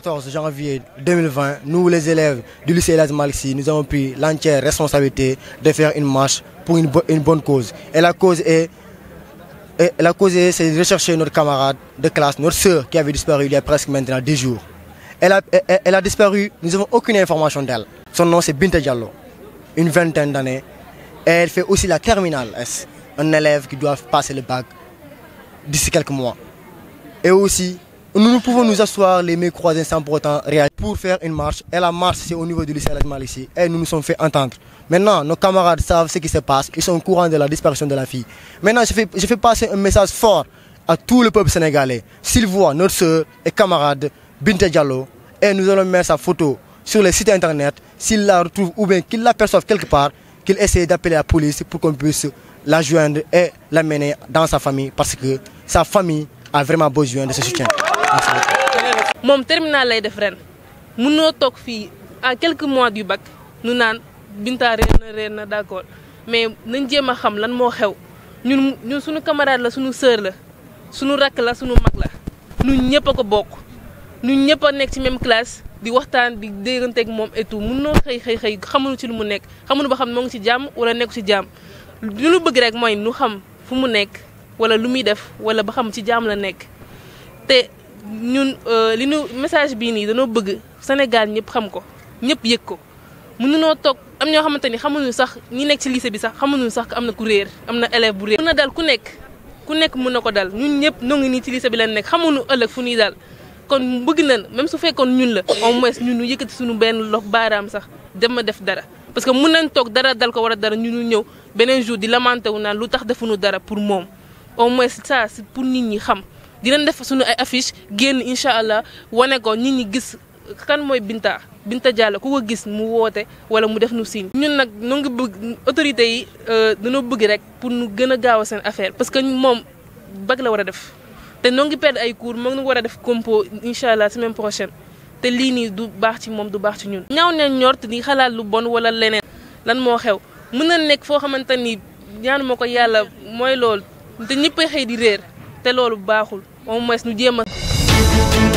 14 janvier 2020, nous les élèves du lycée Elas Malxi, nous avons pris l'entière responsabilité de faire une marche pour une, bonne cause. Et la cause est, la cause est, c'est de rechercher notre camarade de classe, notre sœur qui avait disparu il y a presque maintenant 10 jours. Elle a, disparu, nous n'avons aucune information d'elle. Son nom c'est Binta Diallo, une vingtaine d'années. Elle fait aussi la terminale S, un élève qui doit passer le bac d'ici quelques mois. Et aussi, nous, pouvons nous asseoir les mains croisées sans pour autant réagir pour faire une marche. Et la marche, au niveau du lycée mal ici. Et nous nous sommes fait entendre. Maintenant, nos camarades savent ce qui se passe. Ils sont au courant de la disparition de la fille. Maintenant, je fais, passer un message fort à tout le peuple sénégalais. S'ils voient notre soeur et camarade Binte Diallo, et nous allons mettre sa photo sur les sites internet, s'il la retrouve ou bien qu'il l'aperçoive quelque part, qu'il essaie d'appeler la police pour qu'on puisse la joindre et l'amener dans sa famille parce que sa famille a vraiment besoin de ce soutien mom terminal lay def ren Nous à quelques mois du bac Nous Nous Binta sommes d'accord mais nous xam lan nous xew ñun ñun suñu camarade la suñu sœur la suñu rak la suñu mag la ñun Nous ko bokk ñun Nous nek ci même classe di waxtaan di pas mom et tout mënoo xey xey ci lu mu sommes ba xam Nous ngi ci pas wala nekku ñun euh, li ñu message bii nii dañoo bëgg Sénégal ñëpp xam ko ñëpp yëg ko mun mënunoo toog am ñoo xamante ni xamuñu sax ñu nekk ci lycée bi sax xamuñu sax am na ku réer am na élève bu réer. mën na dal ku nekk ku nekk mun na ko dal ñun ñëpp ñoo nii ci lycée bi lañ nekk xamuñu ëllëg fu ñuy kon bëgg nañ même su fekkoon ñun la au moins ñun ñu yëkkati suñu benn lox baaraam sax dem ma def dara. parce que mun nañ toog dara dal ko war a dara ñu ñu ñëw beneen jour di lamenté wu naan lu tax defuñu dara pour moom au moins ça pour nit ñi xam. dinañ def suñu ay affiche génn incha allah wane ko ñi ñi gis kan mooy Binta Binta Diallo ku ko gis mu woote wala mu def nu signe ñun nag ñu ngi bëgg autorités yi euh, dañoo bëgg rek pour nu gën a gaaw a seen affaire parce que moom bag la war a def te ñoo ngi perdre ay cours moo ngi war a def compo incha allah semaine prochaine te lii nii du baax ci moom du baax ci ñun. ñaaw nañ ñort nii xalaat lu bon wala leneen lan moo xew mën na nekk foo xamante ni ñaanu ma ko yàlla mooy loolu te ñëpp xëy di réer. te loolu baaxul au moins ñu jéem a